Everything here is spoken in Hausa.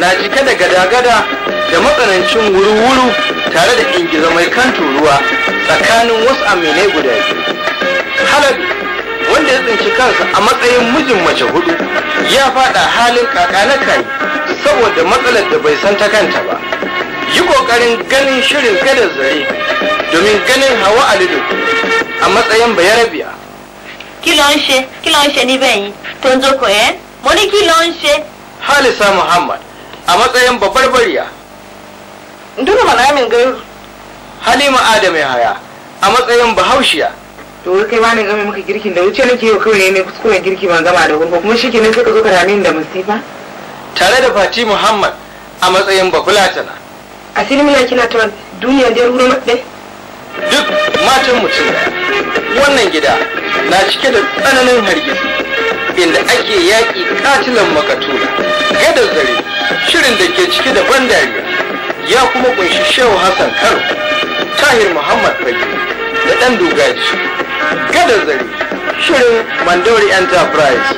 na cike da gada-gada da matsanancin wuru-wuru tare da ingiza mai kan turuwa tsakanin wasu aminai guda biyu. wanda ya tsinci kansa a matsayin mijin mace hudu ya fada halin kaka na kai saboda matsalar da bai san ta kanta ba yi ƙoƙarin ganin shirin kada zare domin ganin hawa alido a matsayin bayarabiya ya ló Ki ṣe kí ló ń ṣe níbẹ̀ yìí tó ń jókòó ẹ́ mo halisa muhammad a matsayin babbar bariya na malamin gari. halima adam haya a matsayin bahaushiya to wai kai bani zama maka girkin da wuce nake yau kawai ne kuskure girki ban gama da wurfa kuma shi nan sai ka zo ka rame da masifa tare da fati muhammad a matsayin bafulatana a silmina kina tuwa duniya da ruru maɗe duk matan mutum wannan gida na cike da tsananin hargitsi inda ake yaƙi katilan makatula gadar zare shirin da ke cike da ban dariya ya kuma kunshi shehu hassan kano tahir muhammad fage da ɗan dogaji gadar zare shirin mandori enterprise